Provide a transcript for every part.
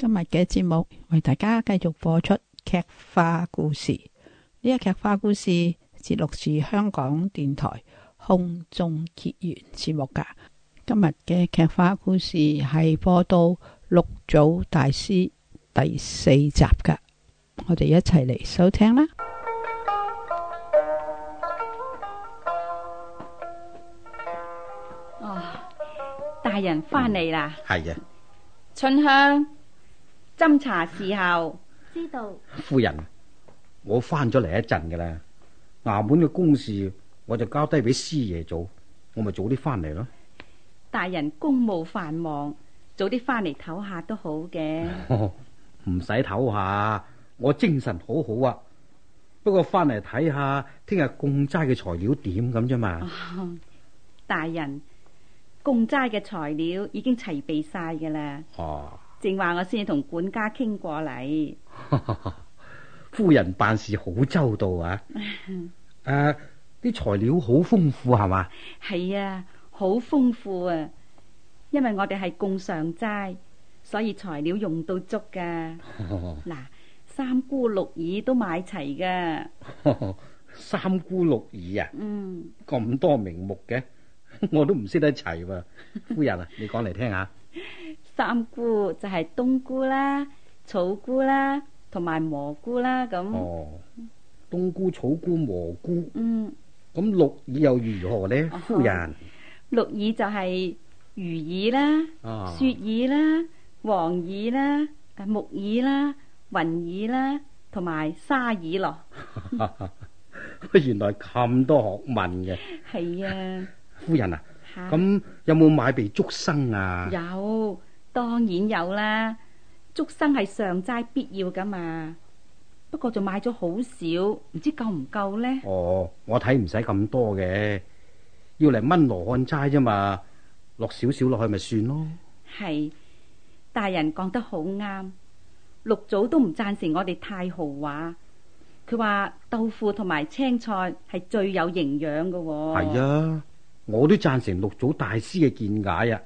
今日嘅節目為大家繼續播出劇化故事。呢、這、一、個、劇化故事節錄是香港電台空中結緣節目噶今日嘅劇化故事係播到六祖大師第四集噶我哋一齊嚟收聽啦、哦。大人翻嚟啦。係嘅、嗯，春香。斟茶侍候，事後知道。夫人，我翻咗嚟一陣噶啦，衙門嘅公事我就交低俾師爺做，我咪早啲翻嚟咯。大人公務繁忙，早啲翻嚟唞下都好嘅。唔使唞下，我精神好好啊。不過翻嚟睇下，聽日貢齋嘅材料點咁啫嘛。大人，貢齋嘅材料已經齊備晒噶啦。哦。正話我先同管家傾過嚟， 夫人辦事好周到啊！誒、 啊，啲材料好豐富係嘛？係啊，好豐富啊！因為我哋係共上齋，所以材料用到足噶、啊。嗱， 三菇六耳都買齊噶。 三菇六耳啊？嗯，咁多名目嘅， 我都唔識得齊喎、啊。夫人啊，你講嚟聽下。 三菇就係冬菇啦、草菇啦、同埋蘑菇啦咁。哦，冬菇、草菇、蘑菇。嗯。咁木耳又如何呢，夫人？木耳就係魚耳啦、雪耳啦、黃耳啦、木耳啦、雲耳啦，同埋沙耳咯。原來咁多學問嘅。係啊。夫人啊，咁有冇買備竹笙啊？有。當然有啦，竹笙係上齋必要噶嘛。不過就買咗好少，唔知夠唔夠呢？哦，我睇唔使咁多嘅，要嚟炆羅漢齋啫嘛，落少少落去咪算咯。係，大人講得好啱。六祖都唔贊成我哋太豪華，佢話豆腐同埋青菜係最有營養噶喎。係啊，我都贊成六祖大師嘅見解啊。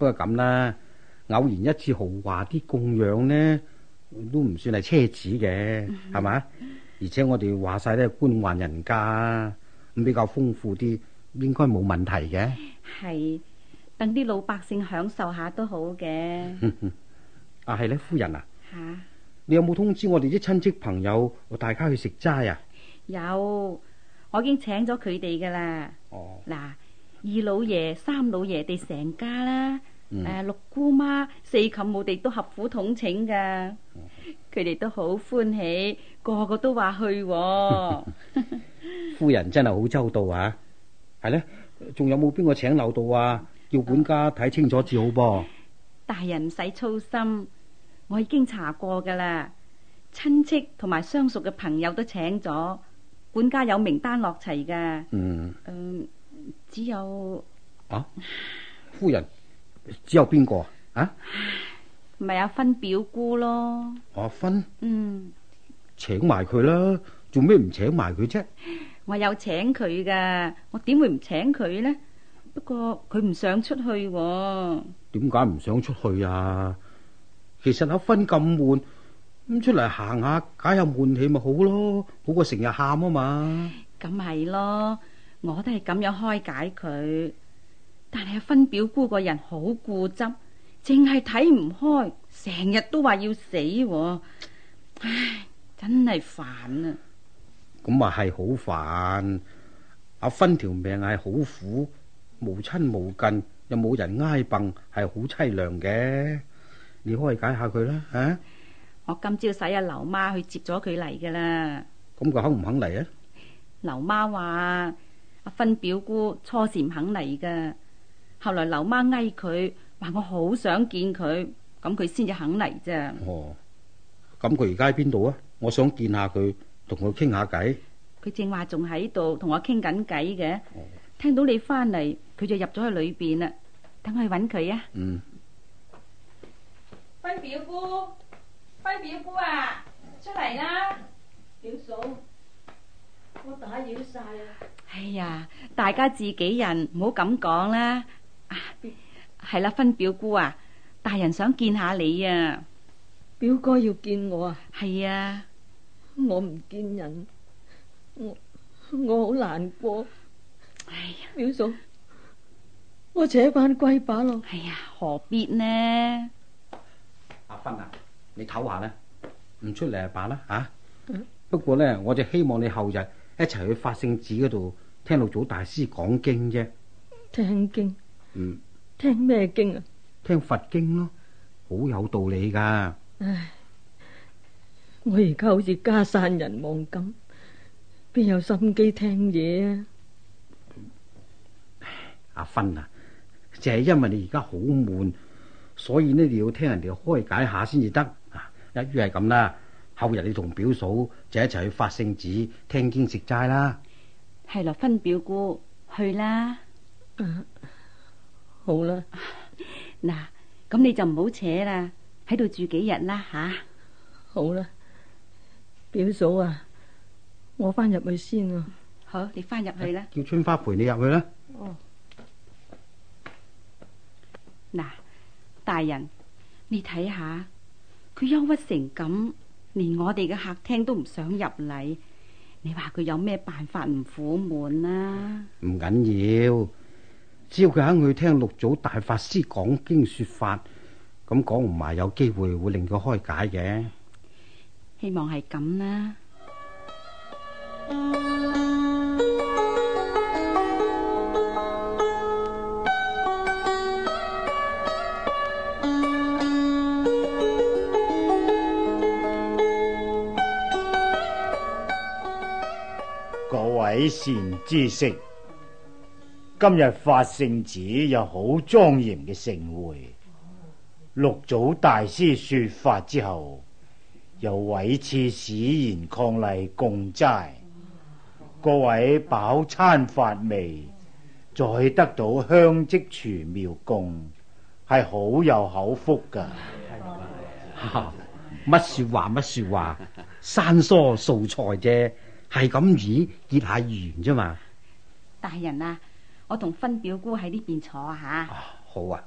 不過咁啦，偶然一次豪華啲供養呢，都唔算係奢侈嘅，係嘛、嗯？而且我哋話晒咧官宦人家，咁比較豐富啲，應該冇問題嘅。係，等啲老百姓享受下都好嘅。 啊，係咧，夫人啊，吓、啊，你有冇通知我哋啲親戚朋友，大家去食齋啊？有，我已經請咗佢哋噶啦。哦，嗱，二老爺、三老爺哋成家啦。誒，嗯、六姑媽、四冚我哋都合府統請噶，佢哋、嗯、都好歡喜，個個都話去、哦呵呵。夫人真係好周到啊，係呢？ 仲有冇邊個請漏到啊？叫管家睇清楚至好噃、呃呃。大人唔使操心，我已經查過噶啦，親戚同埋相熟嘅朋友都請咗，管家有名單落齊噶嗯，誒、呃，只有啊，夫人。只有邊個啊？咪、啊、阿芬表姑咯。哦、阿芬嗯，請埋佢啦。做咩唔請埋佢啫？我有請佢噶我點會唔請佢呢？不過佢唔想出去、啊。點解唔想出去啊？其實阿芬咁悶，咁出嚟，行下，解下悶氣咪好咯，好過成日喊啊嘛。咁係咯，我都係咁樣開解佢。但係阿芬表姑個人好固執，淨係睇唔開，成日都話要死，啊，唉，真係煩啊！咁話係好煩，阿芬條命係好苦，無親無近，又冇人挨傍，係好淒涼嘅。你可以解，解下佢啦，吓，啊！我今朝使阿劉媽去接咗佢嚟噶啦。咁佢肯唔肯嚟啊？劉媽話阿芬表姑初時唔肯嚟噶。後來劉媽嗌佢話我好想見佢，咁佢先至肯嚟啫。哦，咁佢而家喺邊度啊？我想見下佢，同佢傾下偈。佢正話仲喺度同我傾緊偈嘅。聽到你翻嚟，佢就入咗去裏邊啦。等我去搵佢呀。嗯。輝表姑，輝表姑啊，出嚟啦！表嫂，我打擾晒啊。哎呀，大家自己人，唔好咁講啦。係啦，芬、啊、表姑啊，大人想見下你啊。表哥要見我啊？係啊，我唔見人，我我好難過。啊、表嫂，我扯翻歸把咯。哎呀、啊，何必呢？阿芬啊，你唞下呢，唔出嚟，啊，罷啦吓。不過呢，我就希望你後日一齊去法性寺嗰度聽六祖大師講經啫。聽經。嗯，聽咩經啊？聽佛經咯，好有道理噶。唉，我而家好似家散人亡咁，邊有心機聽嘢啊？阿芬啊，就係因為你而家好悶，所以呢你要聽人哋開解下先至得啊。一於係咁啦，後日你同表嫂就一齊去發聖旨聽經食齋啦。係咯，芬表姑去啦。嗯好啦，嗱，咁你就唔好扯啦，喺度住幾日啦吓。好啦，表嫂啊，我翻入去先啊，好，你翻入去啦。叫春花陪你入去啦。哦。嗱，大人，你睇下，佢憂鬱成咁，連我哋嘅客廳都唔想入嚟，你話佢有咩辦法唔苦悶啊？唔緊要。只要佢肯去聽六祖大法師講經說法，咁講唔埋，有機會會令佢開解嘅。希望係咁啦。 各位善知識。今日法性寺有好莊嚴嘅盛會，六祖大師說法之後，又委次使然抗禮共齋，各位飽餐法味，再得到香積廚妙供，係好有口福㗎。乜 說話乜說話，山蔬素菜啫，係咁咦，結下緣啫嘛，大人啊！我同分表姑喺呢邊坐下，啊。好啊！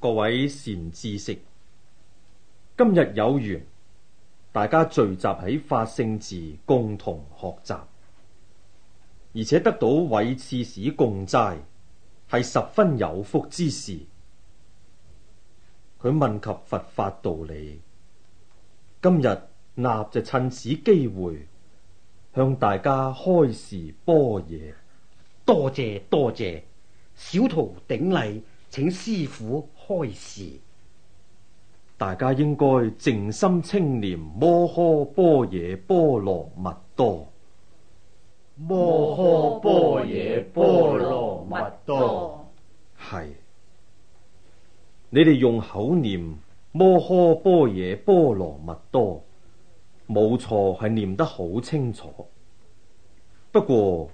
各位善知識，今日有緣，大家聚集喺法聖寺共同學習，而且得到位刺史共齋，係十分有福之事。佢問及佛法道理，今日納就趁此機會向大家開示般若。多謝多謝，小徒頂禮，請師父開示。大家應該靜心清念，摩訶般若波羅蜜多。摩訶般若波羅蜜多，係你哋用口念摩訶般若波羅蜜多，冇錯係念得好清楚。不過。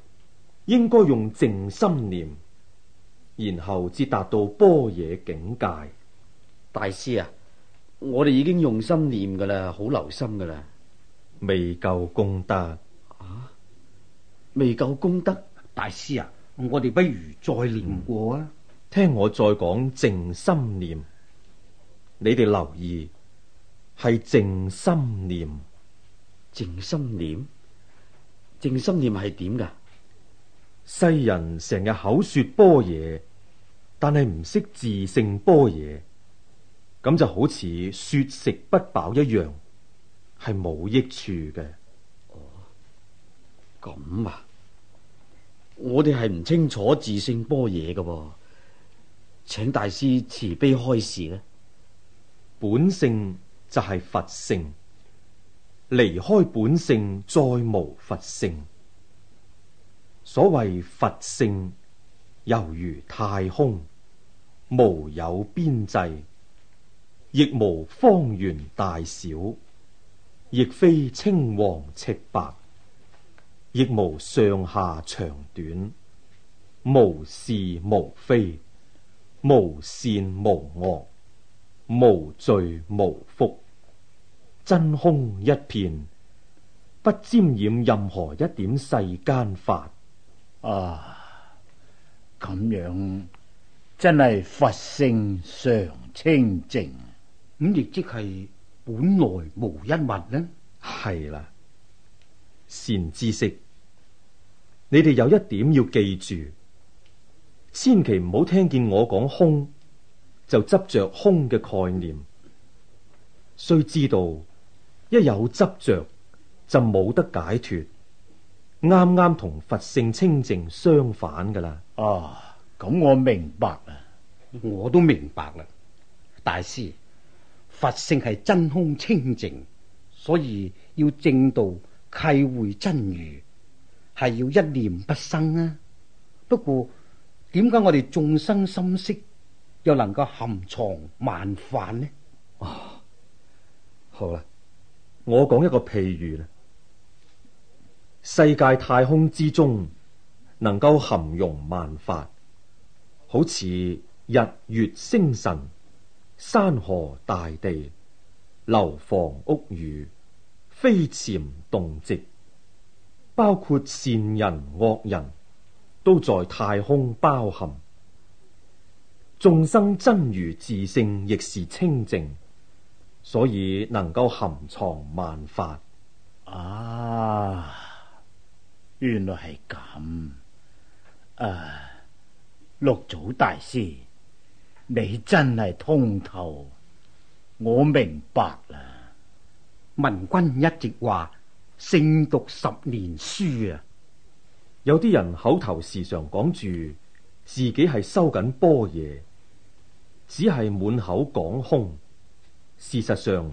應該用靜心念，然後至達到般若境界。大師啊，我哋已經用心念噶啦，好留心噶啦，未夠功德啊！未夠功德，啊、功德大師啊，我哋不如再念過啊！嗯、聽我再講靜心念，你哋留意係靜，靜心念，靜心念，靜心念係點噶？世人成日口說般若，但係唔識自性般若，咁就好似說食不飽一樣，係冇益處嘅。哦，咁啊，我哋係唔清楚自性般若嘅，請大師慈悲開示啦。本性就係佛性，離開本性再無佛性。所謂佛性，猶如太空，無有邊際，亦無方圓大小，亦非青黃赤白，亦無上下長短，無是無非，無善無惡，無罪無福，真空一片，不沾染任何一點世間法。啊，咁樣真係佛性常清淨，咁亦即係本來無一物呢？係啦，善知識，你哋有一點要記住，千祈唔好聽見我講空就執着空嘅概念，須知道一有執着就冇得解脫。啱啱同佛性清淨相反噶啦啊！咁、哦、我明白啦， 我都明白啦，大師，佛性係真空清淨，所以要正道契會真如，係要一念不生啊！不過，點解我哋眾生心識又能夠含藏萬法呢？哦，好啦，我講一個譬喻啦。世界太空之中，能夠含容萬法，好似日月星辰、山河大地、樓房屋宇、飛潛動植，包括善人惡人，都在太空包含。眾生真如自性，亦是清淨，所以能夠含藏萬法啊！原來係咁，啊，六祖大師，你真係通透，我明白啦。文君一直話，勝讀十年書啊。有啲人口頭時常講住自己係修緊般若，只係滿口講空。事實上，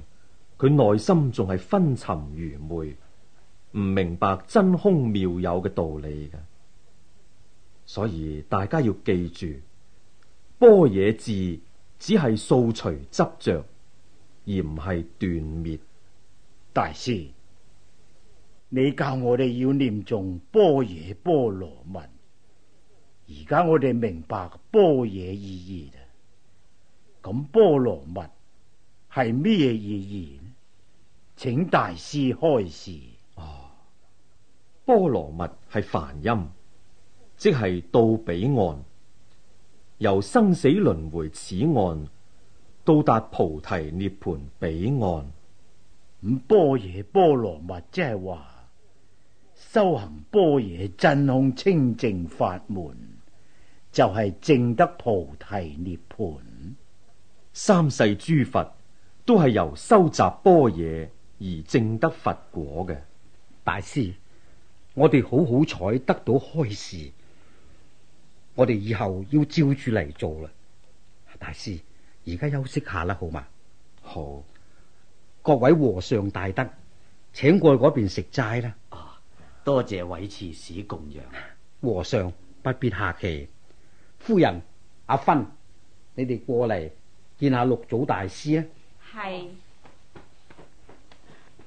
佢內心仲係昏沉愚昧。唔明白真空妙有嘅道理㗎，所以大家要記住，般若字只係掃除執着，而唔係斷滅。大師，你教我哋要念誦般若波羅蜜，而家我哋明白般若意義啦。咁波羅蜜係咩意義呢？請大師開示。波羅蜜係梵音，即係到彼岸，由生死輪迴此岸到達菩提涅槃彼岸。咁般若波羅蜜即係話修行般若真空清淨法門，就係、是、證得菩提涅槃。三世諸佛都係由收集般若而證得佛果嘅。大師。我哋好好彩得到開示，我哋以後要照住嚟做啦。大師，而家休息下啦，好嗎？好，各位和尚大德，請過去嗰邊食齋啦。啊，多謝韋刺史供養，和尚不必客氣。夫人阿芬，你哋過嚟見下六祖大師啊。係。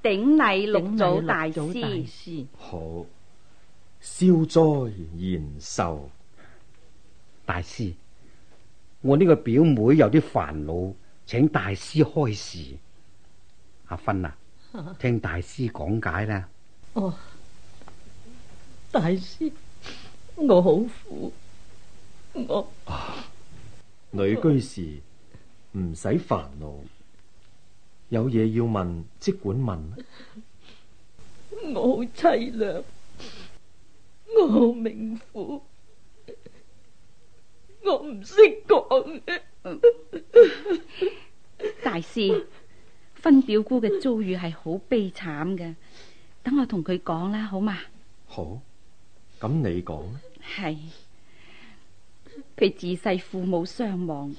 頂禮六祖大師。大師好。消災延壽。大師，我呢個表妹有啲煩惱，請大師開示。阿芬啊，聽大師講解啦。哦，大師，我好苦，我、啊、女居士唔使煩惱，有嘢，要問即管問。我好淒涼。我命苦，我唔識講。大師，分表姑嘅遭遇係好悲慘嘅，等我同佢講啦，好嘛？好，咁你講。係，佢自細父母雙亡，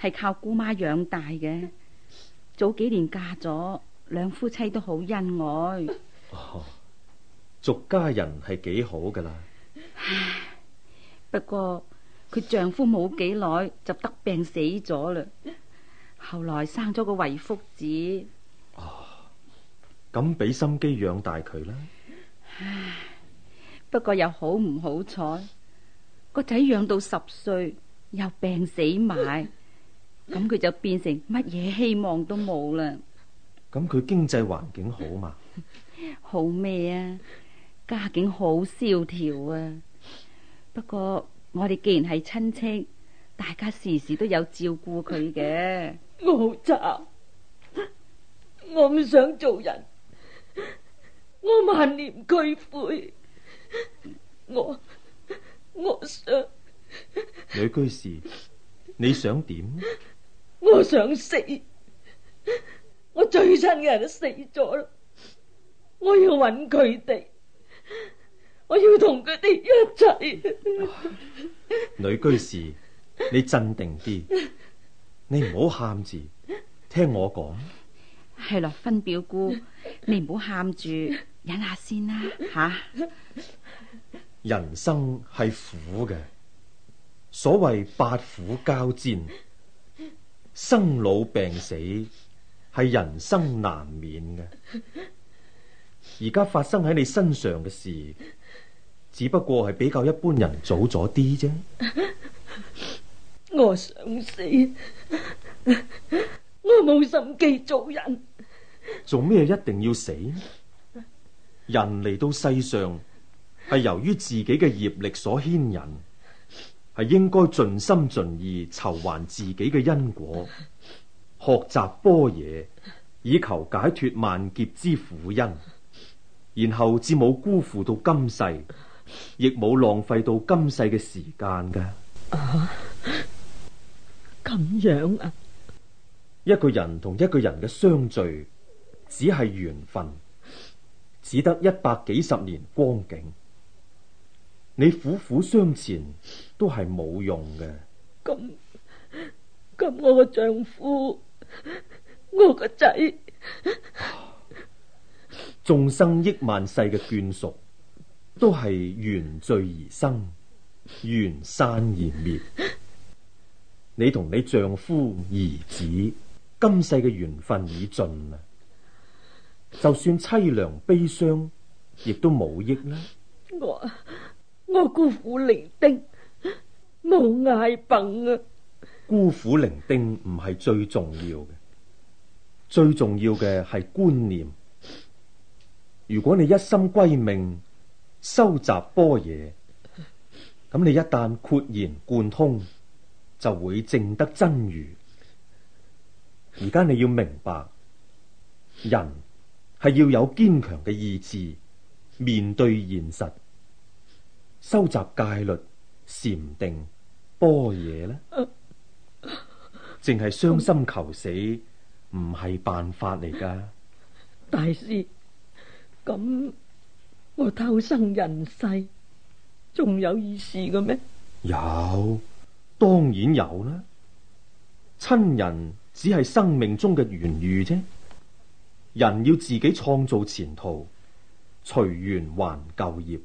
係靠姑媽養大嘅。早幾年嫁咗，兩夫妻都好恩愛。哦族家人係幾好噶啦，唉，不過佢丈夫冇幾耐就得病死咗啦，後來生咗個遺腹子，哦，咁俾心機養大佢啦。不過又好唔好彩，個仔養到十歲又病死埋，咁佢就變成乜嘢希望都冇啦。咁佢經濟環境好嘛？好咩啊？家境好蕭條啊！不過我哋既然係親戚，大家時時都有照顧佢嘅。我好慘，我唔想做人，我萬念俱灰。我，我想，女居士，你想點？我想死！我最親嘅人都死咗啦，我要揾佢哋。我要同佢哋一齊，呃。女居士，你鎮定啲，你唔好喊住，聽我講。係咯，分表姑，你唔好喊住，忍下先啦，吓。人生係苦嘅，所謂八苦交煎，生老病死係人生難免嘅。而家發生喺你身上嘅事。只不過係比較一般人早咗啲啫。我想死，我冇心機做人。做咩一定要死？人嚟到世上係由於自己嘅業力所牽引，係應該盡心盡意酬還自己嘅因果，學習般若，以求解脫萬劫之苦因，然後至冇辜負到今世。亦冇浪費到今世嘅時間噶。啊，咁樣啊！一個人同一個人嘅相聚，只係緣分，只得一百幾十年光景。你苦苦相前都，都係冇用嘅。咁咁，我嘅丈夫，我個仔，眾、啊、生億萬世嘅眷屬。都係緣聚而生，緣散而滅。你同你丈夫、兒子今世嘅緣分已盡啦，就算淒涼悲傷，亦都冇益啦。我我孤苦伶仃，冇挨棒啊！孤苦伶仃唔係最重要嘅，最重要嘅係觀念。如果你一心歸命。收集般若，咁你一旦豁然貫通，就會證得真如。而家你要明白，人係要有堅強嘅意志，面對現實，收集戒律、禪定、般若、啊，咧，淨係傷心求死唔係、嗯、辦法嚟噶。大師，咁。我偷生人世，仲有意思嘅咩？有，當然有啦。親人只係生命中嘅緣遇啫，人要自己創造前途，隨緣還舊業，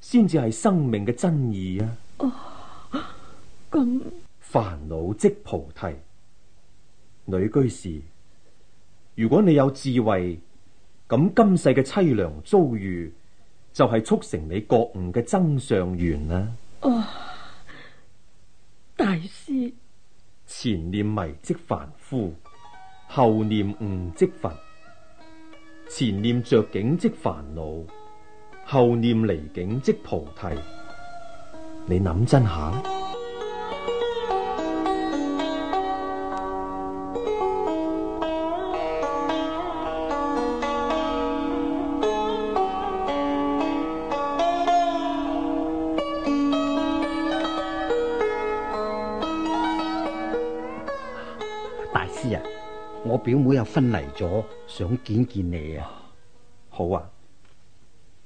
先至係生命嘅真義啊！哦，咁煩惱即菩提，女居士，如果你有智慧。咁今世嘅淒涼遭遇，就係促成你覺悟嘅真相緣啦。哦，大師，前念迷即凡夫，後念悟即佛。前念着境即煩惱，後念離境即菩提。你諗真下？大師啊，我表妹又分離咗，想見見你啊，啊。好啊，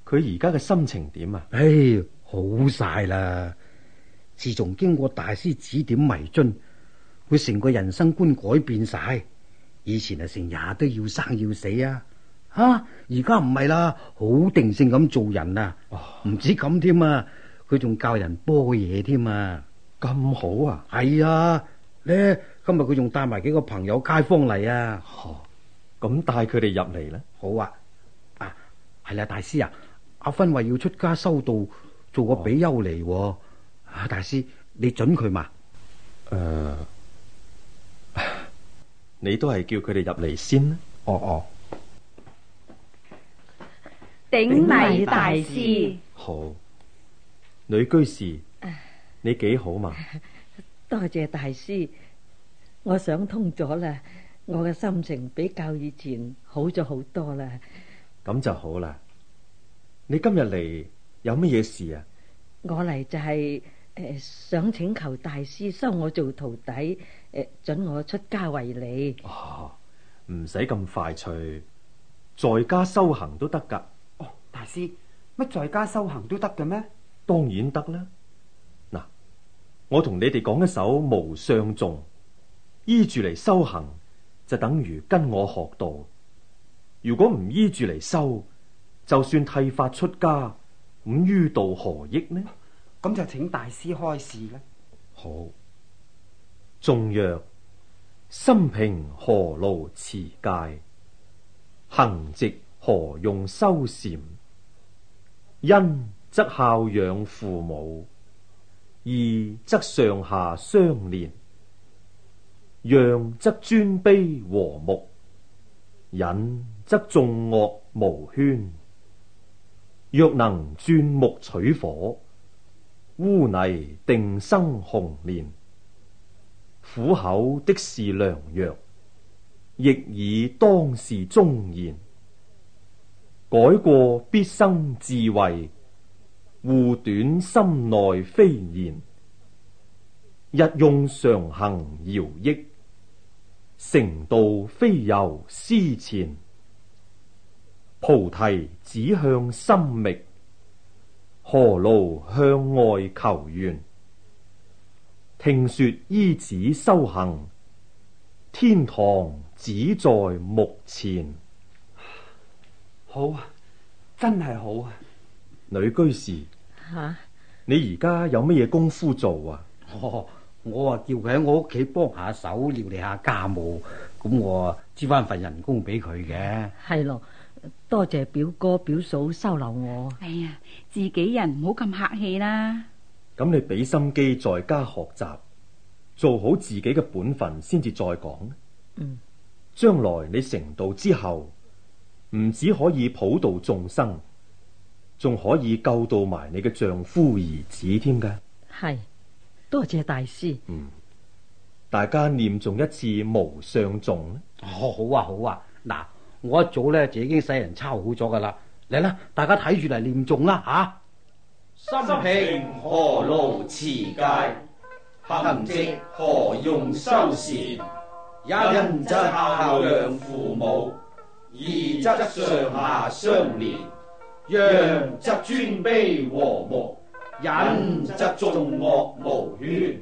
佢而家嘅心情點啊？唉、哎，好晒啦！自從經過大師指點迷津，佢成個人生觀改變晒。以前啊，成日都要生要死啊，吓而家唔係啦，好定性咁做人啊，唔止咁添啊，佢仲、啊、教人播嘢添啊。咁好啊，係啊、哎，咧。今日佢仲帶埋幾個朋友街坊嚟啊！哦，咁帶佢哋入嚟啦。好啊，啊係啦，大師啊，阿芬話要出家修道，做個比丘嚟。大師，你准佢嘛？誒，你都係叫佢哋入嚟先啦。哦哦，頂禮大師。好，女居士，你幾好嘛？多謝大師。我想通咗啦，我嘅心情比較以前好咗好多啦。咁就好啦。你今日嚟，有乜嘢事啊？我嚟就係誒，想請求大師收我做徒弟，誒，准我出家為你哦。唔使咁快脆，在家修行都得噶。哦，大師乜在家修行都得嘅咩？當然得啦。嗱，我同你哋講一首無相頌。依住嚟修行，就等於跟我學道。如果唔依住嚟修，就算剃髮出家，咁於道何益呢？咁就請大師開示啦。好。頌曰，心平何勞持戒，行直何用修禪？恩則孝養父母，義則上下相連。讓則尊卑和睦，忍則眾惡無喧。若能鑽木取火，污泥定生紅蓮。苦口的是良藥，亦以當時忠言。改過必生智慧，護短心內非言。日用常行遙，堯益。成道非由思前，菩提指向心覓，何路向外求緣？聽說依此修行，天堂只在目前。好啊，真係好啊，女居士。吓哈，你而家有乜嘢功夫做啊？哦我話叫佢喺我屋企幫下手料理下家務，咁我啊支翻份人工俾佢嘅。係咯，多謝表哥表嫂收留我。哎呀，自己人唔好咁客氣啦。咁你俾心機在家學習，做好自己嘅本分先至再講。嗯，將來你成道之後，唔止可以普度眾生，仲可以救到埋你嘅丈夫兒子添㗎。係。多謝大師。嗯，大家念誦一次無相頌，哦。好啊，好啊。嗱，我一早咧就已經使人抄好咗噶啦。嚟啦，大家睇住嚟念誦啦。吓、啊，心平何勞持戒，行直何用修禪？恩則孝養父母，義則上下相連，讓則尊卑和睦。忍則眾惡無冤，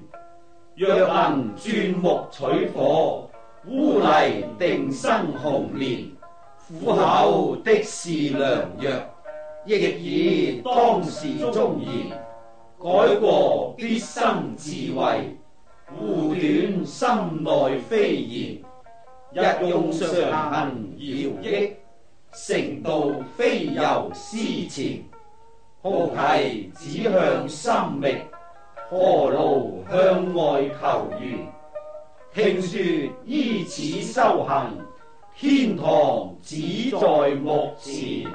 若能鑽木取火，污泥定生紅蓮，苦口的是良藥，逆耳當是忠言，改過必生智慧，護短心內非賢，日用常行饒益，成道非由思前。菩提指向生命，何勞向外求願，聽說依此修行，天堂只在目前。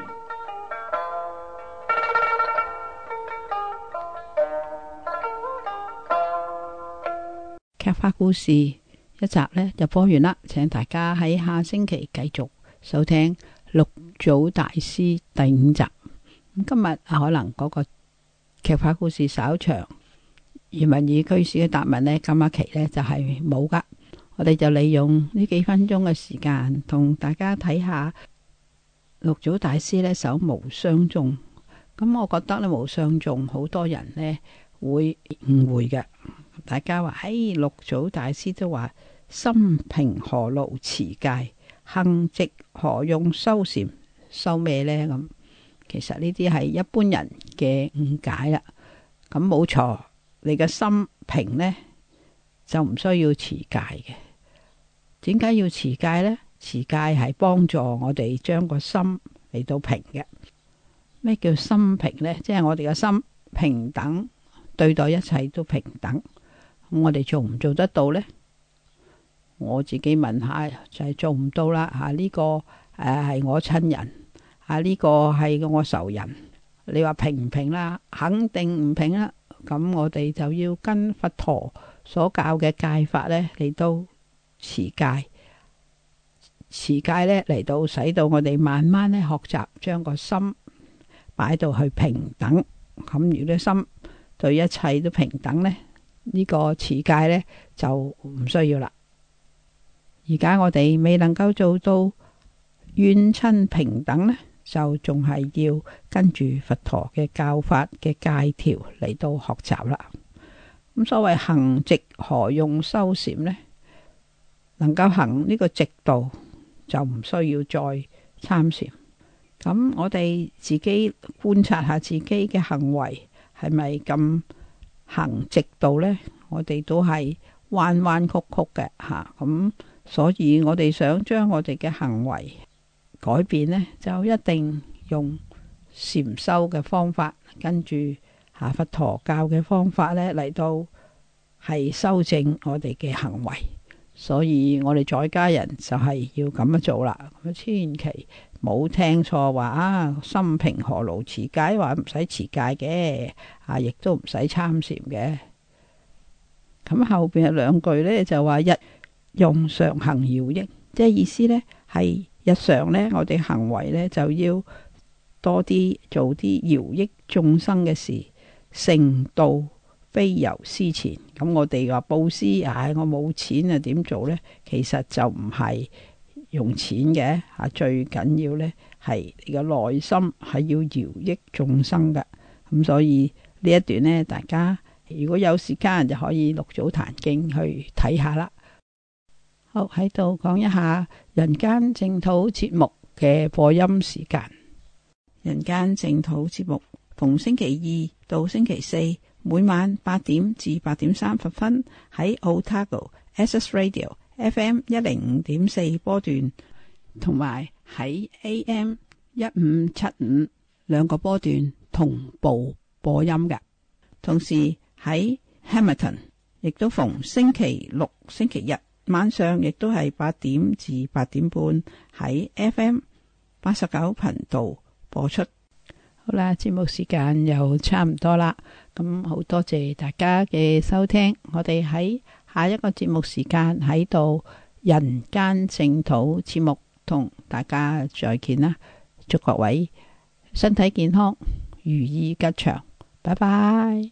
劇花故事一集呢就播完啦，請大家喺下星期繼續收聽六祖大師第五集。今日可能嗰個劇拍故事稍長，余文儀居士嘅答問呢，今一期呢就係冇噶。我哋就利用呢幾分鐘嘅時間，同大家睇下六祖大師呢首「無相頌」。咁我覺得呢「無相頌」好多人呢會誤會嘅。大家話，哎，六祖大師都話心平何勞持戒，行直何用修禪，修咩呢？嗯咁？其實呢啲係一般人嘅誤解啦，咁冇錯，你嘅心平呢，就唔需要持戒嘅。點解要持戒呢？持戒係幫助我哋將個心嚟到平嘅。咩叫心平呢？即係我哋嘅心平等，對待一切都平等。我哋做唔做得到呢？我自己問下就係做唔到啦。吓，呢個誒係我親人。啊！呢、呢個係我仇人。你話平唔平啦？肯定唔平啦。咁我哋就要跟佛陀所教嘅戒法呢，嚟到持戒，持戒呢，嚟到使到我哋慢慢咧學習將個心擺到去平等。咁、嗯、如果心對一切都平等呢，呢、呢個持戒呢，就唔需要啦。而家我哋未能夠做到怨親平等呢，就仲係要跟住佛陀嘅教法嘅戒條嚟到學習啦。咁所謂行直何用修禪呢？能夠行呢個直道，就唔需要再參禪。咁我哋自己觀察下自己嘅行為係咪咁行直道呢？我哋都係彎彎曲曲嘅吓，咁所以我哋想將我哋嘅行為。改變呢，就一定用禪修嘅方法，跟住下佛陀教嘅方法呢，嚟到係修正我哋嘅行為。所以我哋在家人就係要咁樣做啦。咁千祈冇聽錯話啊！心平何勞持戒？話唔使持戒嘅啊，亦都唔使參禪嘅。咁後邊有兩句呢，就話一用上行搖益，即係意思呢係。日常咧，我哋行為咧就要多啲做啲饒益眾生嘅事，成道非由施錢。咁我哋話布施，唉、哎，我冇錢啊，點做咧？其實就唔係用錢嘅，吓，最緊要咧係你個內心係要饒益眾生嘅。咁、嗯、所以呢一段咧，大家如果有時間就可以六祖壇經去睇下啦。喺度講一下人間淨土節目嘅播音時間。人間淨土節目逢星期二到星期四，每晚八點至八點三十分，喺 Otago SS Radio FM 一零五點四波段，同埋喺 AM 一五七五兩個波段同步播音嘅。同時喺 Hamilton 亦都逢星期六、星期日。晚上亦都係八點至八點半喺 FM 八十九頻道播出。好啦，節目時間又差唔多啦，咁好多謝大家嘅收聽。我哋喺下一個節目時間喺度人間淨土節目同大家再見啦！祝各位身體健康，如意吉祥，拜拜。